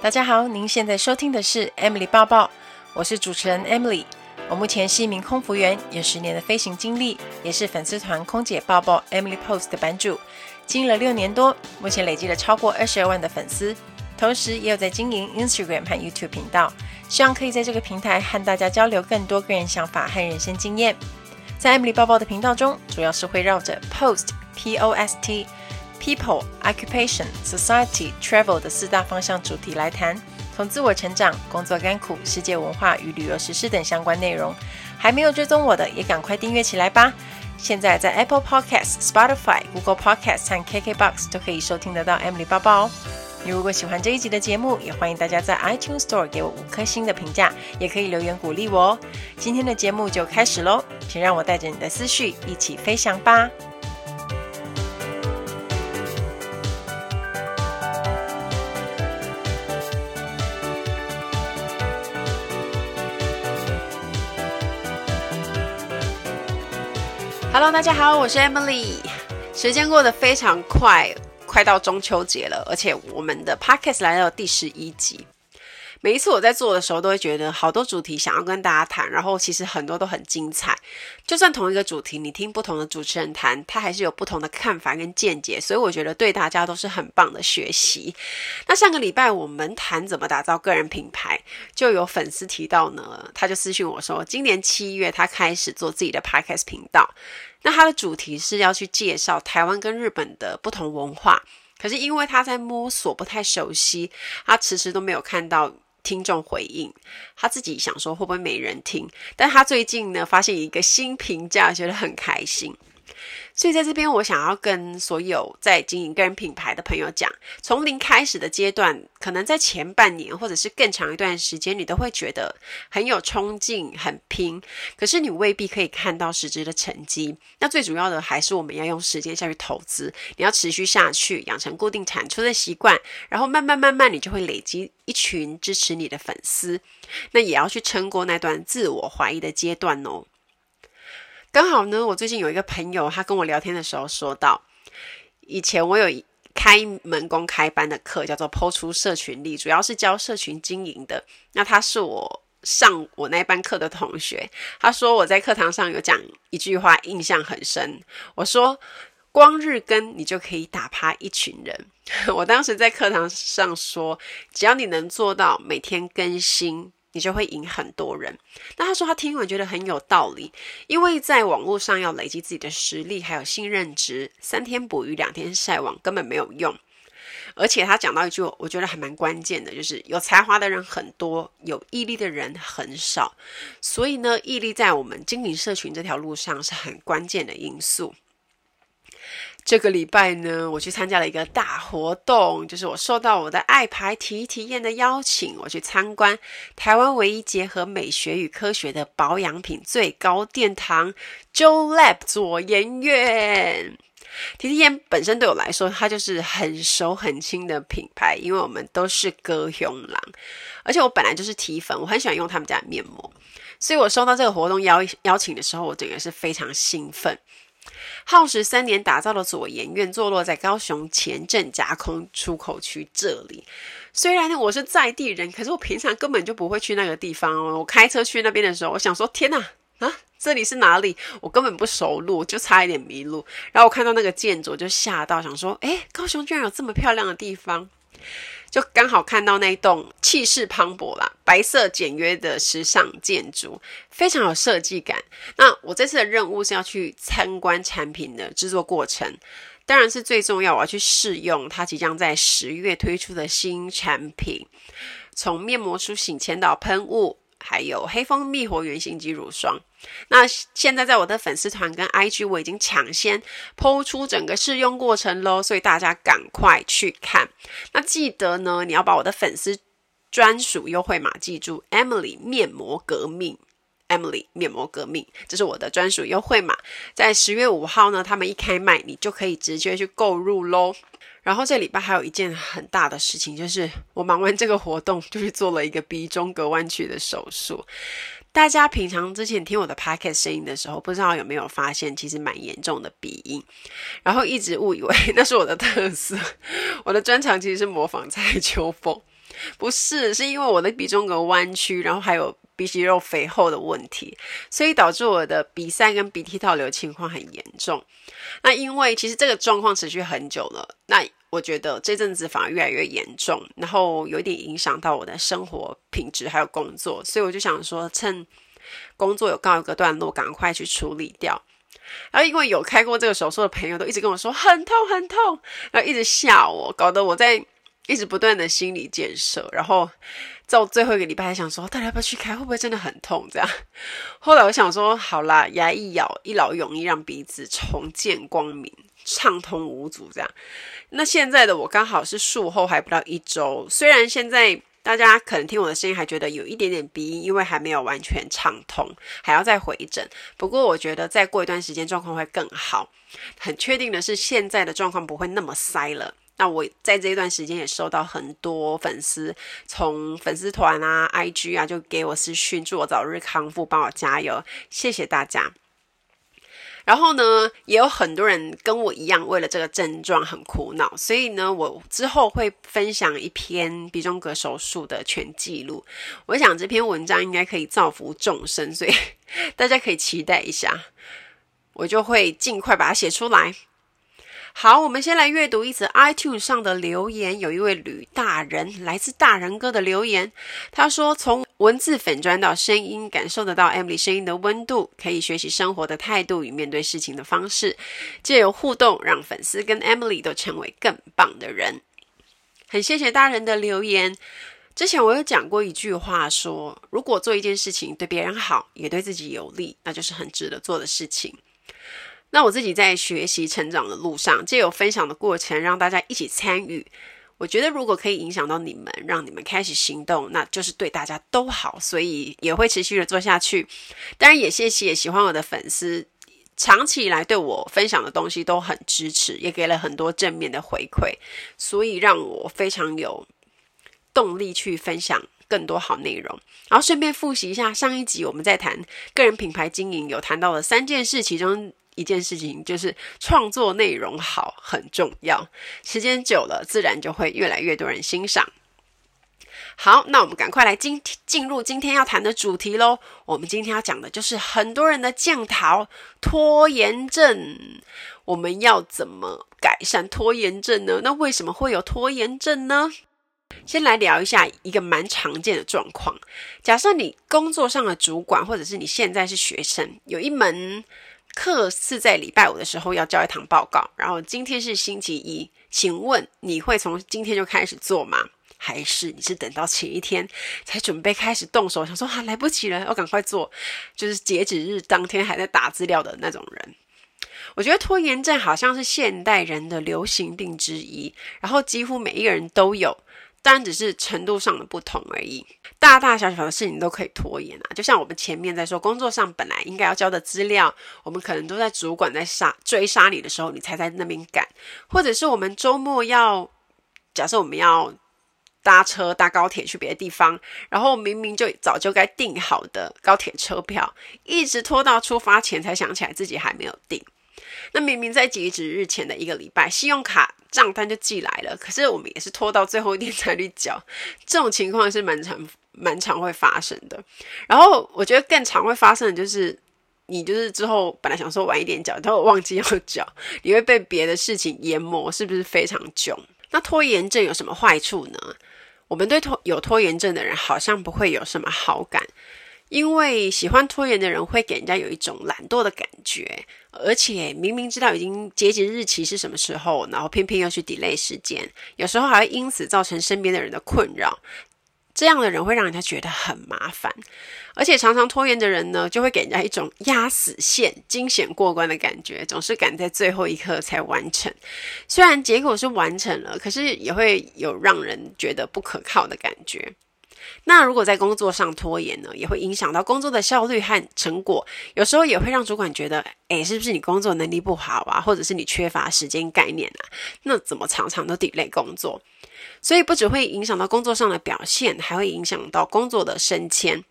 大家好，您現在收聽的是 Emily 報報，我是主持人 Emily。我目前是一名空服員，有十年的飛行經歷，也是粉絲團空姐報報 Emily Post 的版主，經營了六年多，目前累積了超過二十二萬的粉絲，同時也有在經營 Instagram 和 YouTube 頻道，希望可以在這個平台和大家交流更多個人想法和人生經驗。在 Emily 報報的頻道中，主要是會繞着 Post P O S T。People, Occupation, Society, Travel 的四大方向主題來談，從自我成長、工作甘苦、世界文化與旅遊時事等相關內容。還沒有追蹤我的，也趕快訂閱起來吧！現在在 Apple Podcasts、Spotify、Google Podcasts 和 KKBox 都可以收聽得到 Emily 報報哦。你如果喜歡這一集的節目，也歡迎大家在 iTunes Store 給我五顆星的評價，也可以留言鼓勵我哦。今天的節目就開始嘍，請讓我帶着你的思緒一起飛翔吧！Hello，大家好，我是 Emily。時間過得非常快，快到中秋節了，而且我們的 Podcast 來到第十一集。每一次我在做的時候，都會覺得好多主題想要跟大家談，然後其實很多都很精彩。就算同一個主題，你聽不同的主持人談，他還是有不同的看法跟見解，所以我覺得對大家都是很棒的學習。那上個禮拜我們談怎麼打造個人品牌，就有粉絲提到呢，他就私訊我說，今年七月他開始做自己的 podcast 頻道，那他的主題是要去介紹台灣跟日本的不同文化，可是因為他在摸索，不太熟悉，他遲遲都沒有看到。聽眾回應，他自己想說會不會沒人聽，但他最近呢發現一個新評價，覺得很開心。所以，在這邊我想要跟所有在經營個人品牌的朋友講，從零開始的階段，可能在前半年或者是更長一段時間，你都會覺得很有衝勁、很拼，可是你未必可以看到實質的成績。那最主要的還是我們要用時間下去投資，你要持續下去，養成固定產出的習慣，然後慢慢慢慢，你就會累積一群支持你的粉絲。那也要去撐過那段自我懷疑的階段哦。剛好呢，我最近有一個朋友，他跟我聊天的時候說到，以前我有開一門公開班的課，叫做“拋出社群力”，主要是教社群經營的。那他是我上我那班課的同學，他說我在課堂上有講一句話，印象很深。我說：“光日更，你就可以打趴一群人。”我當時在課堂上說：“只要你能做到每天更新。”你就會贏很多人。那他說他聽完覺得很有道理，因為在網絡上要累積自己的實力還有信任值，三天捕魚兩天曬網根本沒有用。而且他講到一句，我覺得還蠻關鍵的，就是有才華的人很多，有毅力的人很少。所以呢，毅力在我們經營社群這條路上是很關鍵的因素。這個禮拜呢，我去參加了一個大活動，就是我收到我的愛牌提提研的邀請，我去參觀台灣唯一結合美學與科學的保養品最高殿堂 ——Jo Lab 佐研院。提提研本身對我來說，它就是很熟很親的品牌，因為我們都是高雄人，而且我本來就是提粉，我很喜歡用他們家的面膜，所以我收到這個活動邀邀請的時候，我真的是非常興奮。耗時三年打造的左岩院，坐落在高雄前鎮加工出口區這裡。雖然我是在地人，可是我平常根本就不會去那個地方哦。我開車去那邊的時候，我想說：天吶，啊，這裡是哪裡？我根本不熟路，就差一點迷路。然後我看到那個建築，我就嚇到，想說：誒，高雄居然有這麼漂亮的地方！就剛好看到那一棟氣勢磅礴啦，白色簡約的時尚建築，非常有設計感。那我這次的任務是要去參觀產品的制作過程，當然是最重要，我要去試用它即將在十月推出的新產品——從面膜蘇醒前導噴霧。還有黑蜂蜜活原型肌乳霜，那現在在我的粉絲團跟 I G 我已經搶先 po 出整個試用過程嘍，所以大家趕快去看。那記得呢，你要把我的粉絲專屬優惠碼記住，Emily 麵膜革命，Emily 麵膜革命，這是我的專屬優惠碼，在十月五號呢，他們一開賣，你就可以直接去購入嘍。然後這禮拜還有一件很大的事情，就是我忙完這個活動，就是做了一個鼻中隔彎曲的手術。大家平常之前聽我的 podcast 聲音的時候，不知道有沒有發現，其實蠻嚴重的鼻音，然後一直誤以為那是我的特色，我的專長其實是模仿蔡秋鳳，不是，是因為我的鼻中隔彎曲，然後還有，鼻息肉肥厚的問題，所以導致我的鼻塞跟鼻涕倒流情況很嚴重。那因為其實這個狀況持續很久了，那我覺得這陣子反而越來越嚴重，然後有一點影響到我的生活品質還有工作，所以我就想說趁工作有告一個段落，趕快去處理掉。然後因為有開過這個手術的朋友，都一直跟我說很痛很痛，然後一直笑我，搞得我在。一直不斷的心理建設，然後到最後一個禮拜，還想說到底要不要去開，會不會真的很痛？這樣，後來我想說，好啦，牙一咬，一勞永逸，讓鼻子重見光明，暢通無阻。這樣，那現在的我剛好是術後還不到一周，雖然現在大家可能聽我的聲音還覺得有一點點鼻音，因為還沒有完全暢通，還要再回診。不過我覺得再過一段時間狀況會更好。很確定的是，現在的狀況不會那麼塞了。那我在這一段時間也收到很多粉絲從粉絲團啊、IG 啊就給我私訊，祝我早日康復，幫我加油，謝謝大家。然後呢，也有很多人跟我一樣，為了這個症狀很苦惱，所以呢，我之後會分享一篇鼻中隔手術的全記錄。我想這篇文章應該可以造福眾生，所以大家可以期待一下，我就會儘快把它寫出來。好，我們先來閱讀一次 iTunes 上的留言。有一位呂大人來自大仁哥的留言，他說：“從文字粉轉到聲音，感受得到 Emily 聲音的溫度，可以學習生活的態度與面對事情的方式。借由互動，讓粉絲跟 Emily 都成為更棒的人。”很謝謝大人的留言。之前我有講過一句話說，說如果做一件事情對別人好，也對自己有利，那就是很值得做的事情。那我自己在學習成長的路上，藉由分享的過程，讓大家一起參與。我覺得如果可以影響到你們，讓你們開始行動，那就是對大家都好，所以也會持續的做下去。當然也謝謝也喜歡我的粉絲，長期以來對我分享的東西都很支持，也給了很多正面的回饋，所以讓我非常有動力去分享更多好內容。然後順便復習一下上一集我們在談個人品牌經營，有談到了三件事，其中，一件事情就是創作內容好很重要，時間久了，自然就會越來越多人欣賞。好，那我們趕快來今進，進入今天要談的主題嘍。我們今天要講的就是很多人的降逃拖延症，我們要怎麼改善拖延症呢？那為什麼會有拖延症呢？先來聊一下一個蠻常見的狀況。假設你工作上的主管，或者是你現在是學生，有一門課是在禮拜五的時候要交一堂報告，然後今天是星期一，請問你會從今天就開始做嗎？還是你是等到前一天才準備開始動手，想說啊，來不及了，要趕快做，就是截止日當天還在打資料的那種人。我覺得拖延症好像是現代人的流行病之一，然後幾乎每一個人都有，當然只是程度上的不同而已。大大小小的事情都可以拖延啊，就像我們前面在說，工作上本來應該要交的資料，我們可能都在主管在殺追殺你的時候，你才在那邊趕。或者是我們周末要，假設我們要搭車、搭高鐵去別的地方，然後明明就早就該訂好的高鐵車票，一直拖到出發前才想起來自己還沒有訂。那明明在截止日前的一個禮拜，信用卡。賬單就寄來了，可是我們也是拖到最後一天才去繳，這種情況是蠻常蠻常會發生的。然後我覺得更常會發生的就是，你就是之後本來想說晚一點繳，但我忘記要繳，你會被別的事情淹沒，是不是非常囧？那拖延症有什麼壞處呢？我們對拖有拖延症的人好像不會有什麼好感，因為喜歡拖延的人會給人家有一種懶惰的感覺。而且明明知道已經截止日期是什麼時候，然後偏偏又去 delay 時間，有時候還會因此造成身邊的人的困擾。這樣的人會讓人家覺得很麻煩，而且常常拖延的人呢，就會給人家一種壓死線、驚險過關的感覺，總是趕在最後一刻才完成。雖然結果是完成了，可是也會有讓人覺得不可靠的感覺。那如果在工作上拖延呢，也會影響到工作的效率和成果，有時候也會讓主管覺得，誒，是不是你工作能力不好啊，或者是你缺乏時間概念啊？那怎麼常常都 delay 工作？所以不只會影響到工作上的表現，還會影響到工作的升遷。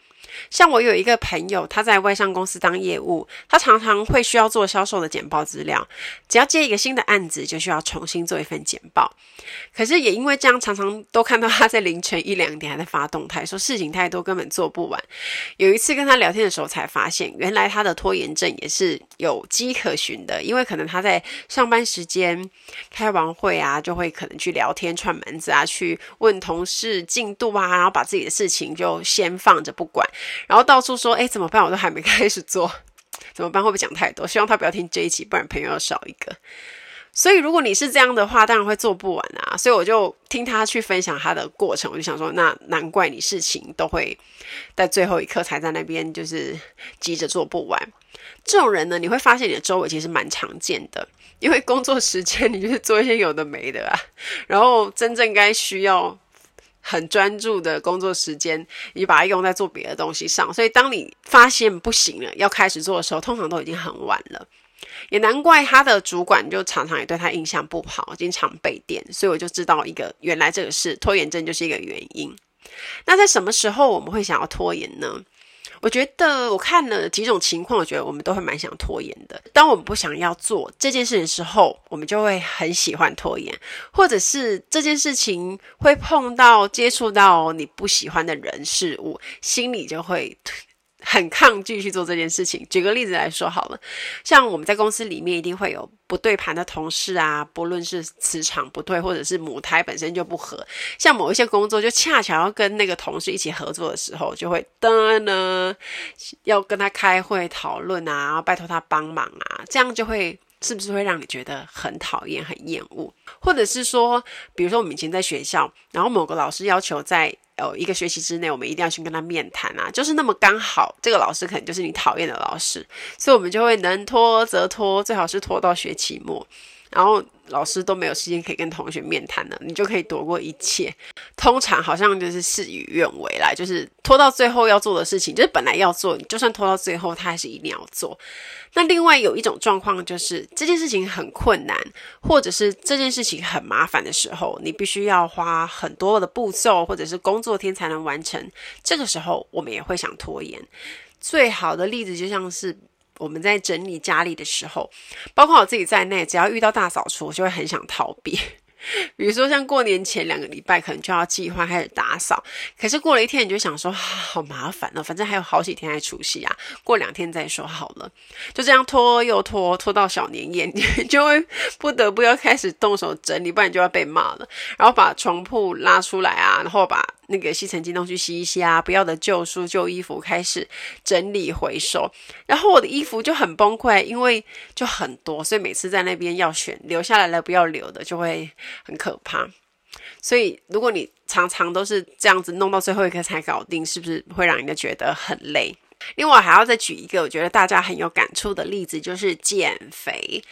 像我有一個朋友，他在外商公司當業務，他常常會需要做銷售的簡報資料。只要接一個新的案子，就需要重新做一份簡報。可是也因為這樣，常常都看到他在凌晨一兩點還在發動態，說事情太多，根本做不完。有一次跟他聊天的時候，才發現原來他的拖延症也是有跡可循的，因為可能他在上班時間開完會啊，就會可能去聊天串門子啊，去問同事進度啊，然後把自己的事情就先放着不管。然後到處說，哎，怎麼辦？我都還沒開始做，怎麼辦？會不會講太多？希望他不要聽這一期，不然朋友要少一個。所以如果你是這樣的話，當然會做不完啊。所以我就聽他去分享他的過程，我就想說，那難怪你事情都會在最後一刻才在那邊，就是急着做不完。這種人呢，你會發現你的周圍其實蠻常見的，因為工作時間你就是做一些有的沒的啊，然後真正該需要。很專注的工作時間，你把它用在做別的東西上，所以當你發現不行了，要開始做的時候，通常都已經很晚了。也難怪他的主管就常常也對他印象不好，經常被電，所以我就知道一個，原來這個是拖延症就是一個原因。那在什麼時候我們會想要拖延呢？我覺得我看了幾種情況，我覺得我們都會蠻想拖延的。當我們不想要做這件事情的時候，我們就會很喜歡拖延，或者是這件事情會碰到接觸到你不喜歡的人事物，心裡就會很抗拒去做這件事情。舉個例子來說好了，像我們在公司裡面一定會有不對盤的同事啊，不論是磁場不對，或者是母胎本身就不合。像某一些工作就恰巧要跟那個同事一起合作的時候，就會噔呢，要跟他開會討論啊，然後拜託他幫忙啊，這樣就會。是不是會讓你覺得很討厭、很厭惡？或者是說，比如說我們以前在學校，然後某個老師要求在呃一個學期之內，我們一定要去跟他面談啊，就是那麼剛好，這個老師可能就是你討厭的老師，所以我們就會能拖則拖，最好是拖到學期末，然後。老師都沒有時間可以跟同學面談了，你就可以躲過一切。通常好像就是事與願違啦，就是拖到最後要做的事情，就是本來要做，你就算拖到最後，他還是一定要做。那另外有一種狀況，就是這件事情很困難，或者是這件事情很麻煩的時候，你必須要花很多的步驟，或者是工作天才能完成。這個時候，我們也會想拖延。最好的例子就像是我們在整理家裡的時候，包括我自己在內，只要遇到大掃除，我就會很想逃避。比如說像過年前兩個禮拜，可能就要計劃開始打掃。可是過了一天，你就想說好，好麻煩哦，反正還有好幾天才除夕啊，過兩天再說好了。就這樣拖又拖，拖到小年夜，你就會不得不要開始動手整理，不然你就要被罵了。然後把床鋪拉出來啊，然後把那個吸塵機弄去吸一吸啊，不要的舊書、舊衣服開始整理回收。然後我的衣服就很崩潰，因為就很多，所以每次在那邊要選留下來了，不要留的就會。很可怕，所以如果你常常都是這樣子弄到最後一個才搞定，是不是會讓人家覺得很累？另外，還要再舉一個我覺得大家很有感觸的例子，就是減肥。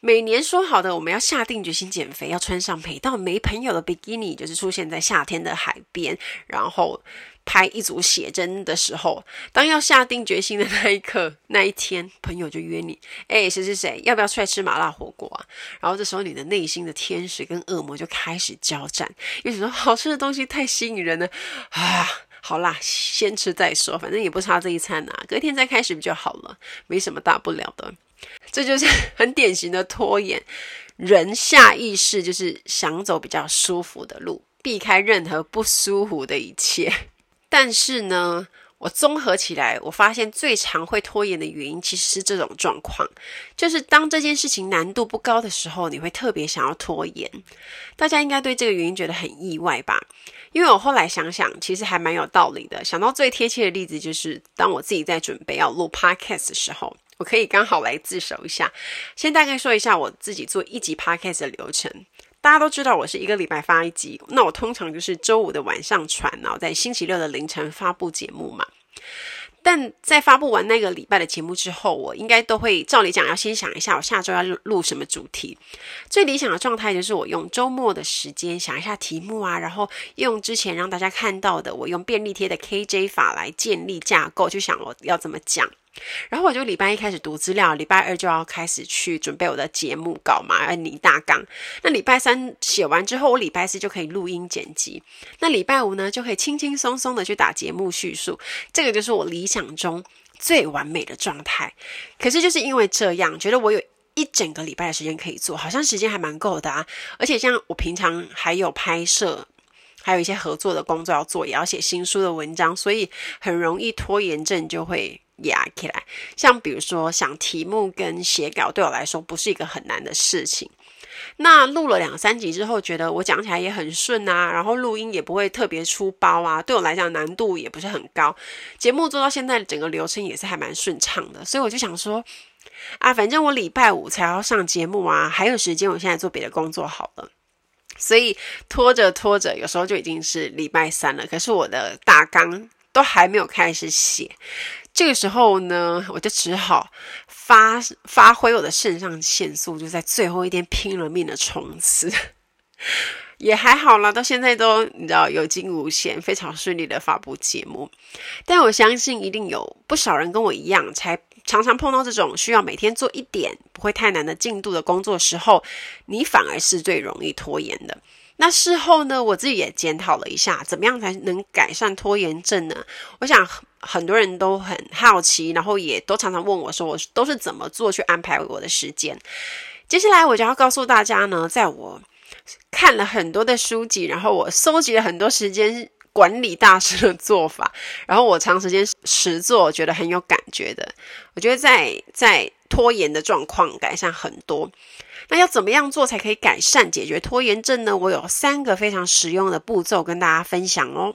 每年說好的我們要下定決心減肥，要穿上美到沒朋友的比基尼，就是出現在夏天的海邊，然後。拍一組寫真的時候，當要下定決心的那一刻，那一天朋友就約你，哎、欸，誰誰誰，要不要出來吃麻辣火鍋啊？然後這時候你的內心的天使跟惡魔就開始交戰，有什麼好吃的東西太吸引人了啊！好啦，先吃再說，反正也不差這一餐啊，隔天再開始不就好了，沒什麼大不了的。這就是很典型的拖延，人下意識就是想走比較舒服的路，避開任何不舒服的一切。但是呢，我綜合起來，我發現最常會拖延的原因其實是這種狀況，就是當這件事情難度不高的時候，你會特別想要拖延。大家應該對這個原因覺得很意外吧？因為我後來想想，其實還蠻有道理的。想到最貼切的例子，就是當我自己在準備要錄 podcast 的時候，我可以剛好來自首一下。先大概說一下我自己做一集 podcast 的流程。大家都知道我是一個禮拜發一集，那我通常就是周五的晚上傳，然後在星期六的凌晨發布節目嘛。但在發布完那個禮拜的節目之後，我應該都會照理講要先想一下我下周要錄什麼主題。最理想的狀態就是我用周末的時間想一下題目啊，然後用之前讓大家看到的我用便利貼的 KJ 法來建立架構，就想我要怎麼講。然後我就禮拜一開始讀資料，禮拜二就要開始去準備我的節目稿嘛，要擬大綱。那禮拜三寫完之後，我禮拜四就可以錄音剪輯。那禮拜五呢，就可以輕輕鬆鬆的去打節目敘述。這個就是我理想中最完美的狀態。可是就是因為這樣，覺得我有一整個禮拜的時間可以做，好像時間還蠻夠的啊。而且像我平常還有拍攝，還有一些合作的工作要做，也要寫新書的文章，所以很容易拖延症就會。壓起來，像比如說想題目跟寫稿，對我來說不是一個很難的事情。那錄了兩三集之後，覺得我講起來也很順啊，然後錄音也不會特別出包啊，對我來講難度也不是很高。節目做到現在，整個流程也是還蠻順暢的，所以我就想說，啊，反正我禮拜五才要上節目啊，還有時間，我現在做別的工作好了。所以拖着拖着，有時候就已經是禮拜三了，可是我的大綱都還沒有開始寫。這個時候呢，我就只好發發揮我的腎上腺素，就在最後一天拼了命的衝刺， 也還好啦。到現在都你知道有驚無險，非常順利的發布節目。但我相信一定有不少人跟我一樣，才常常碰到這種需要每天做一點不會太難的進度的工作的時候，你反而是最容易拖延的。那事後呢，我自己也檢討了一下，怎麼樣才能改善拖延症呢？我想。很多人都很好奇，然後也都常常問我，說我都是怎麼做去安排我的時間。接下來我就要告訴大家呢，在我看了很多的書籍，然後我蒐集了很多時間管理大師的做法，然後我長時間實做，覺得很有感覺的。我覺得在在拖延的狀況改善很多。那要怎麼樣做才可以改善解決拖延症呢？我有三個非常實用的步驟跟大家分享哦。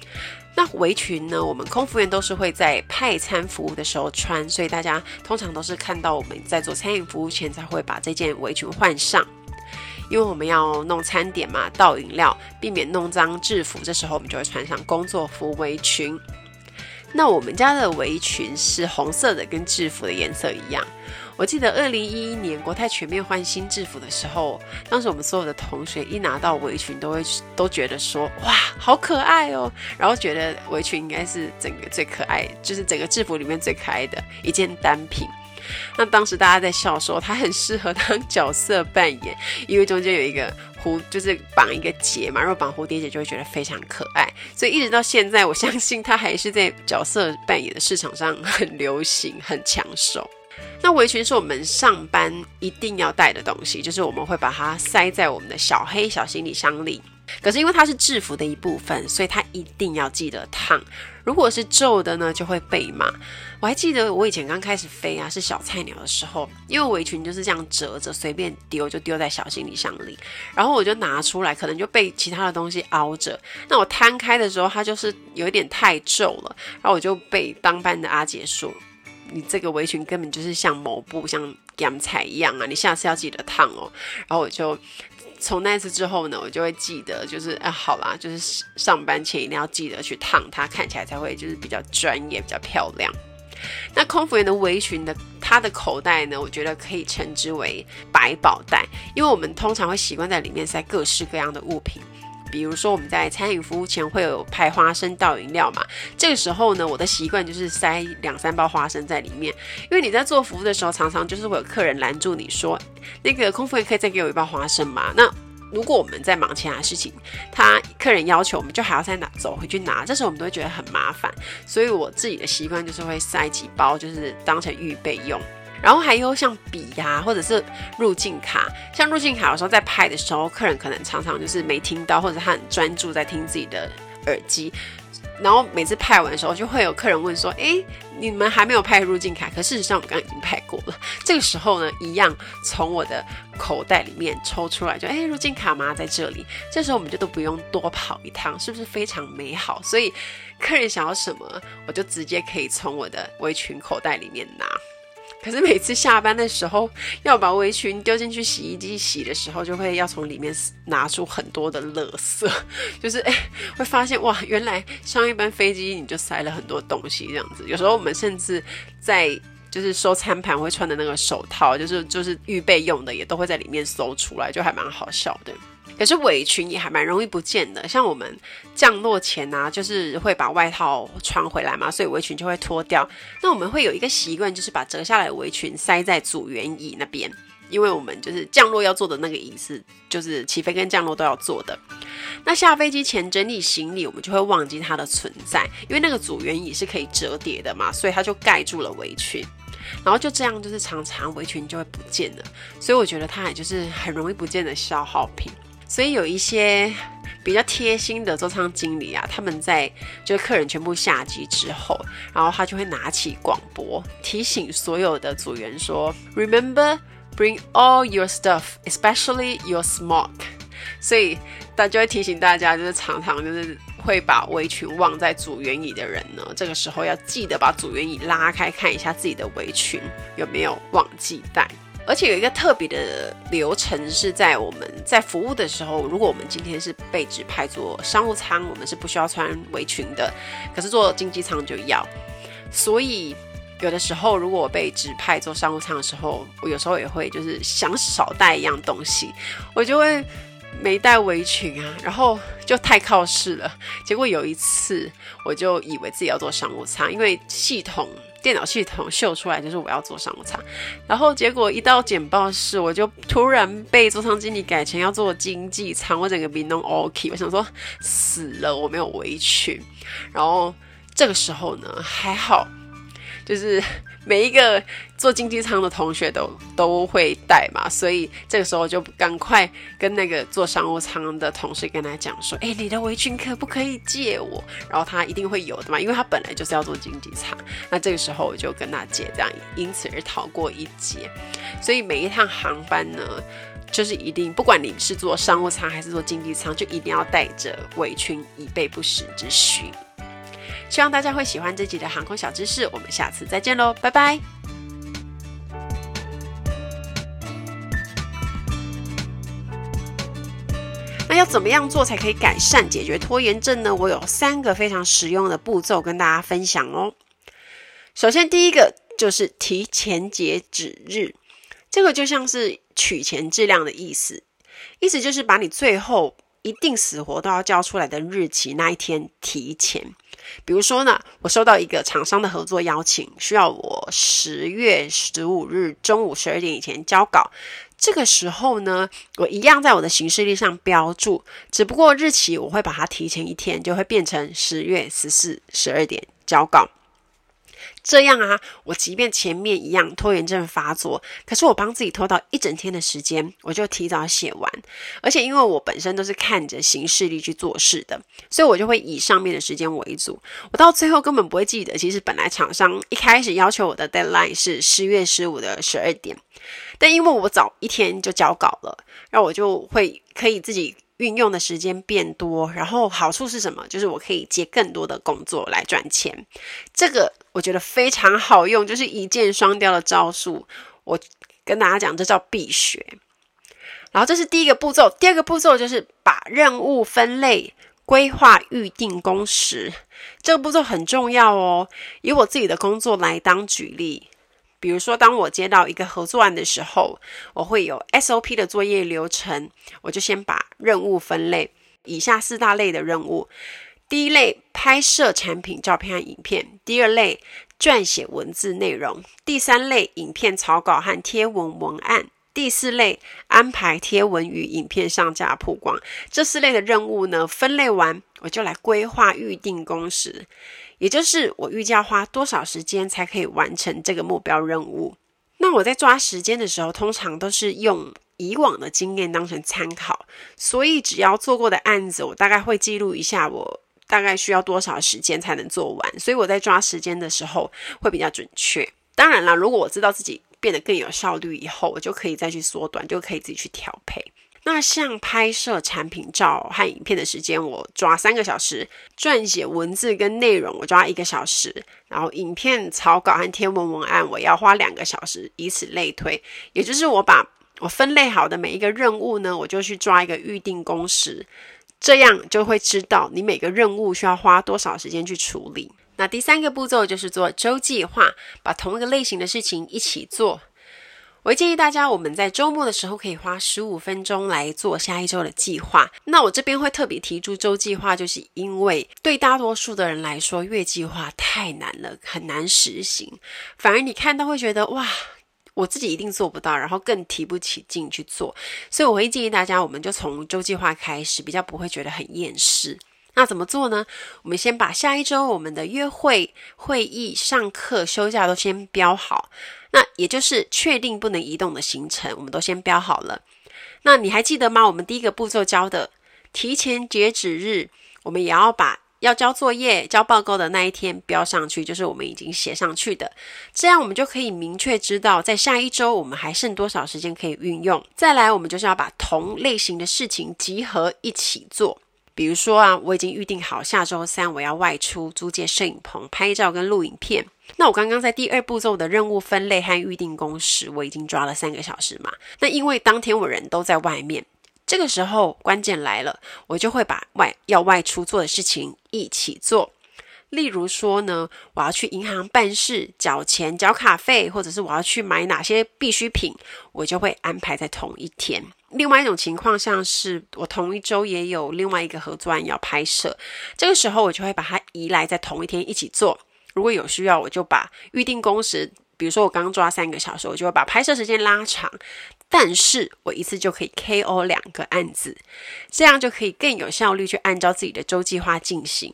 那圍裙呢？我們空服員都是會在派餐服務的時候穿，所以大家通常都是看到我們在做餐飲服務前才會把這件圍裙換上，因為我們要弄餐點嘛，倒飲料，避免弄髒制服，這時候我們就會穿上工作服圍裙。那我們家的圍裙是紅色的，跟制服的顏色一樣。我記得二零一一年國泰全面換新制服的時候，當時我們所有的同學一拿到圍裙，都會都覺得說：“哇，好可愛哦！”然後覺得圍裙應該是整個最可愛，就是整個制服裡面最可愛的一件單品。那當時大家在笑說，他很適合當角色扮演，因為中間有一個蝴，就是綁一個結嘛，然後綁蝴蝶結就會覺得非常可愛。所以一直到現在，我相信他還是在角色扮演的市場上很流行、很搶手。那圍裙是我們上班一定要帶的東西，就是我們會把它塞在我們的小黑小行李箱裡。可是因為它是製服的一部分，所以它一定要記得燙。如果是皺的呢，就會被罵。我還記得我以前剛開始飛啊，是小菜鳥的時候，因為圍裙就是這樣折着，隨便丟就丟在小行李箱裡，然後我就拿出來，可能就被其他的東西凹着。那我攤開的時候，它就是有一點太皺了，然後我就被當班的阿姐說。你這個圍裙根本就是像抹布，像乾菜一樣啊！你下次要記得燙哦。然後我就從那次之後呢，我就會記得，就是啊，好啦，就是上班前一定要記得去燙它，看起來才會就是比較專業、比較漂亮。那空服員的圍裙的它的口袋呢，我覺得可以稱之為百寶袋，因為我們通常會習慣在裡面塞各式各樣的物品。比如說，我們在餐飲服務前會有派花生倒飲料嘛？這個時候呢，我的習慣就是塞兩三包花生在裡面，因為你在做服務的時候，常常就是會有客人攔住你說：“那個空服員也可以再給我一包花生嘛”，那如果我們在忙其他的事情，他客人要求，我們就還要再拿走回去拿，這時候我們都會覺得很麻煩。所以我自己的習慣就是會塞幾包，就是當成預備用。然後還有像筆呀，啊，或者是入境卡。像入境卡，有時候在拍的時候，客人可能常常就是沒聽到，或者他很專注在聽自己的耳機。然後每次拍完的時候，就會有客人問說：“哎，你們還沒有拍入境卡？”可事實上，我們剛剛已經拍過了。這個時候呢，一樣從我的口袋裡面抽出來就，就誒，入境卡嗎？在這裡。這時候我們就都不用多跑一趟，是不是非常美好？所以客人想要什麼，我就直接可以從我的圍裙口袋裡面拿。可是每次下班的時候，要把圍裙丟進去洗衣機洗的時候，就會要從裡面拿出很多的垃圾，就是哎、欸，會發現哇，原來上一班飛機你就塞了很多東西這樣子。有時候我們甚至在就是收餐盤會穿的那個手套，就是就是預備用的，也都會在裡面搜出來，就還蠻好笑的。可是圍裙也還蠻容易不見的，像我們降落前啊，就是會把外套穿回來嘛，所以圍裙就會脫掉。那我們會有一個習慣，就是把折下來的圍裙塞在組員椅那邊，因為我們就是降落要坐的那個椅子，就是起飛跟降落都要坐的。那下飛機前整理行李，我們就會忘記它的存在，因為那個組員椅是可以折疊的嘛，所以它就蓋住了圍裙，然後就這樣，就是常常圍裙就會不見了。所以我覺得它也就是很容易不見的消耗品。所以有一些比較貼心的座艙經理啊，他們在就是客人全部下機之後，然後他就會拿起廣播提醒所有的組員說：Remember bring all your stuff, especially your smock。所以他就會提醒大家，就是常常就是會把圍裙忘在組員椅的人呢，這個時候要記得把組員椅拉開，看一下自己的圍裙有沒有忘記帶。而且有一個特別的流程，是在我們在服務的時候，如果我們今天是被指派做商務艙，我們是不需要穿圍裙的；可是做經濟艙就要。所以有的時候，如果我被指派做商務艙的時候，我有時候也會就是想少帶一樣東西，我就會沒帶圍裙啊，然後就太靠勢了。結果有一次，我就以為自己要做商務艙，因為系統。電腦系統秀出來就是我要做商務艙。然後結果一到簡報室，我就突然被座艙經理改成要做經濟艙，我整個變 no ok，我想說死了，我沒有圍裙。然後這個時候呢，還好就是。每一個坐經濟艙的同學都都會帶嘛，所以這個時候就趕快跟那個坐商務艙的同事跟他講說：“哎，你的圍裙可不可以借我？”然後他一定會有的嘛，因為他本來就是要坐經濟艙。那這個時候我就跟他借這樣，因此而逃過一劫。所以每一趟航班呢，就是一定不管你是坐商務艙還是坐經濟艙，就一定要帶着圍裙以備不時之需。希望大家會喜歡這集的航空小知識，我們下次再見嘍，拜拜。那要怎麼樣做才可以改善解決拖延症呢？我有三個非常實用的步驟跟大家分享哦。首先，第一個就是提前截止日，這個就像是取前質量的意思，意思就是把你最後。一定死活都要交出來的日期那一天提前，比如說呢，我收到一個廠商的合作邀請，需要我十月十五日中午十二點以前交稿。這個時候呢，我一樣在我的行事曆上標注，只不過日期我會把它提前一天，就會變成十月十四，十二點交稿。這樣啊，我即便前面一樣拖延症發作，可是我幫自己拖到一整天的時間，我就提早寫完。而且因為我本身都是看着行事曆去做事的，所以我就會以上面的時間為主。我到最後根本不會記得，其實本來廠商一開始要求我的 deadline 是十月十五的十二點，但因為我早一天就交稿了，那我就會可以自己。運用的時間變多，然後好處是什麼？就是我可以接更多的工作來賺錢。這個我覺得非常好用，就是一箭雙雕的招數。我跟大家講，這叫必學。然後這是第一個步驟，第二個步驟就是把任務分類、規劃、預定工時。這個步驟很重要哦。以我自己的工作來當舉例。比如說，當我接到一個合作案的時候，我會有 SOP 的作業流程，我就先把任務分類，以下四大類的任務：第一類拍攝產品照片和影片，第二類撰寫文字內容，第三類影片草稿和貼文文案。第四類安排貼文與影片上架曝光，這四類的任務呢，分類完我就來規劃預定工時，也就是我預計要花多少時間才可以完成這個目標任務。那我在抓時間的時候，通常都是用以往的經驗當成參考，所以只要做過的案子，我大概會記錄一下我大概需要多少時間才能做完，所以我在抓時間的時候會比較準確。當然啦，如果我知道自己。變得更有效率以後，我就可以再去縮短，就可以自己去調配。那像拍攝產品照和影片的時間，我抓三個小時；撰寫文字跟內容，我抓一個小時；然後影片草稿和天文文案，我要花兩個小時，以此類推。也就是我把我分類好的每一個任務呢，我就去抓一個預定工時，這樣就會知道你每個任務需要花多少時間去處理。那第三個步驟就是做週計劃，把同一個類型的事情一起做。我會建議大家，我們在周末的時候可以花十五分鐘來做下一周的計劃。那我這邊會特別提出週計劃，就是因為對大多數的人來說，月計劃太難了，很難實行。反而你看到會覺得哇，我自己一定做不到，然後更提不起勁去做。所以我會建議大家，我們就從週計劃開始，比較不會覺得很厭世。那怎麼做呢？我們先把下一周我們的約會、會議、上課、休假都先標好，那也就是確定不能移動的行程，我們都先標好了。那你還記得嗎？我們第一個步驟教的提前截止日，我們也要把要交作業、交報告的那一天標上去，就是我們已經寫上去的。這樣我們就可以明確知道，在下一周我們還剩多少時間可以運用。再來，我們就是要把同類型的事情集合一起做。比如說啊，我已經預定好下周三我要外出租借攝影棚拍照跟錄影片。那我剛剛在第二步驟的任務分類和預定工時，我已經抓了三個小時嘛。那因為當天我人都在外面，這個時候關鍵來了，我就會把外要外出做的事情一起做。例如說呢，我要去銀行辦事、繳錢、繳卡費，或者是我要去買哪些必需品，我就會安排在同一天。另外一種情況，像是我同一周也有另外一個合作案要拍攝，這個時候我就會把它移來在同一天一起做。如果有需要，我就把預定工時，比如說我剛抓三個小時，我就會把拍攝時間拉長，但是我一次就可以 KO 兩個案子，這樣就可以更有效率去按照自己的週計劃進行。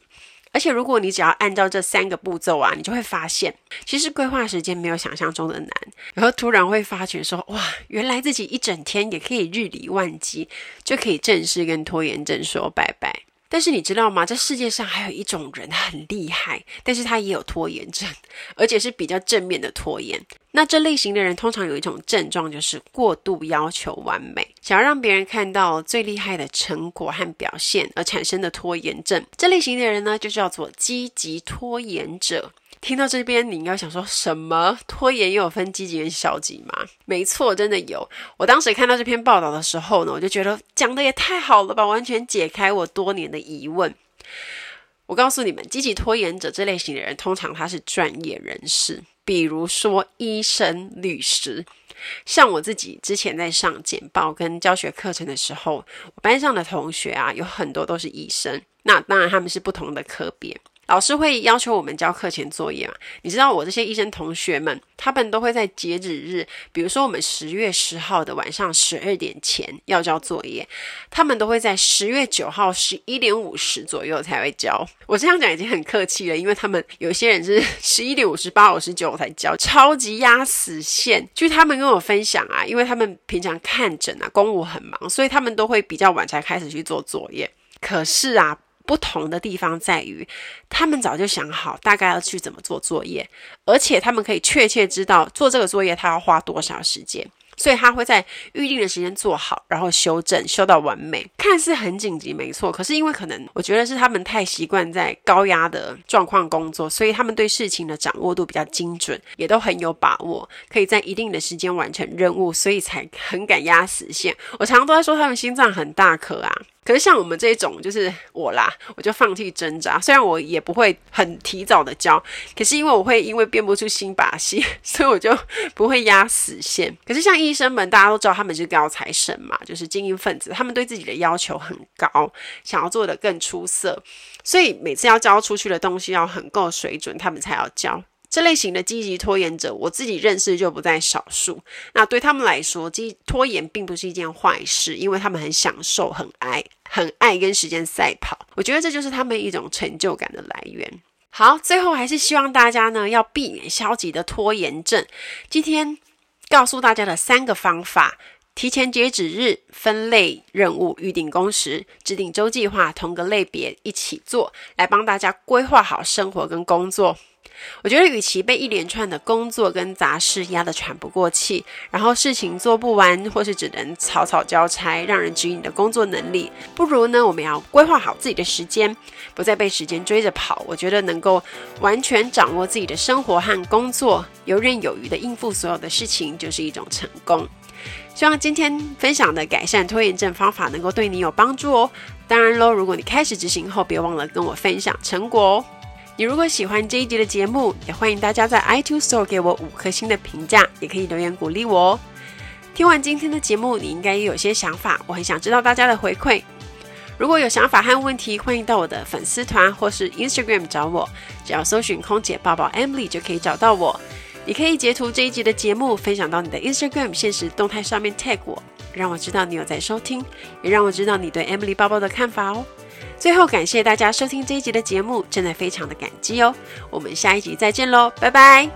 而且，如果你只要按照這三個步驟啊，你就會發現，其實規劃時間沒有想象中的難。然後突然會發覺說，哇，原來自己一整天也可以日理萬機，就可以正式跟拖延症說拜拜。但是你知道嗎？這世界上還有一種人很厲害，但是他也有拖延症，而且是比較正面的拖延。那這類型的人通常有一種症狀，就是過度要求完美，想要讓別人看到最厲害的成果和表現而產生的拖延症。這類型的人呢，就叫做積極拖延者。聽到這邊，你應該想說什麼？拖延又有分積極跟消極嗎？沒錯，真的有。我當時看到這篇報道的時候呢，我就覺得講的也太好了吧，完全解開我多年的疑問。我告訴你們，積極拖延者這類型的人，通常他是專業人士，比如說醫生、律師。像我自己之前在上簡報跟教學課程的時候，我班上的同學啊，有很多都是醫生。那當然，他們是不同的科別。老師會要求我們交課前作業嘛？你知道我這些醫生同學們，他們都會在截止日，比如說我們十月十號的晚上十二點前要交作業，他們都會在十月九號十一點五十左右才會交。我這樣講已經很客氣了，因為他們有些人是十一點五十八、五十九才交，超級壓死線。據他們跟我分享啊，因為他們平常看診啊、公務很忙，所以他們都會比較晚才開始去做作業。可是啊。不同的地方在於，他們早就想好大概要去怎麼做作業，而且他們可以確切知道做這個作業他要花多少時間，所以他會在預定的時間做好，然後修正修到完美。看似很緊急，沒錯，可是因為可能我覺得是他們太習慣在高壓的狀況工作，所以他們對事情的掌握度比較精準，也都很有把握，可以在一定的時間完成任務，所以才很敢壓時限。我常常都在說他們心臟很大顆啊。可是像我們這種，就是我啦，我就放棄掙扎。雖然我也不會很提早的教，可是因為我會因為編不出新把戲，所以我就不會壓死線。可是像醫生們，大家都知道他們是高材生嘛，就是精英分子，他們對自己的要求很高，想要做得更出色，所以每次要交出去的東西要很夠水準，他們才要交。這類型的積極拖延者，我自己認識就不在少數。那對他們來說，積拖延並不是一件壞事，因為他們很享受、很愛、很愛跟時間賽跑。我覺得這就是他們一種成就感的來源。好，最後還是希望大家呢，要避免消極的拖延症。今天告訴大家的三個方法：提前截止日、分類任務、預定工時、制定周計劃、同個類別一起做，來幫大家規劃好生活跟工作。我覺得，與其被一連串的工作跟雜事壓得喘不過氣，然後事情做不完，或是只能草草交差，讓人質疑你的工作能力，不如呢，我們要規劃好自己的時間，不再被時間追着跑。我覺得能夠完全掌握自己的生活和工作，游刃有餘地應付所有的事情，就是一種成功。希望今天分享的改善拖延症方法能夠對你有幫助哦。當然嘍，如果你開始執行後，別忘了跟我分享成果哦。你如果喜歡這一集的節目，也歡迎大家在 iTunes Store 給我五顆星的評價，也可以留言鼓勵我哦。聽完今天的節目，你應該也有些想法，我很想知道大家的回饋。如果有想法和問題，歡迎到我的粉絲團或是 Instagram 找我，只要搜尋空姐報報 Emily 就可以找到我。你可以截圖這一集的節目，分享到你的 Instagram 限時動態上面 tag 我，讓我知道你有在收聽，也讓我知道你對 Emily 報報的看法哦。最後，感謝大家收聽這一集的節目，真的非常的感激哦。我們下一集再見嘍，拜拜。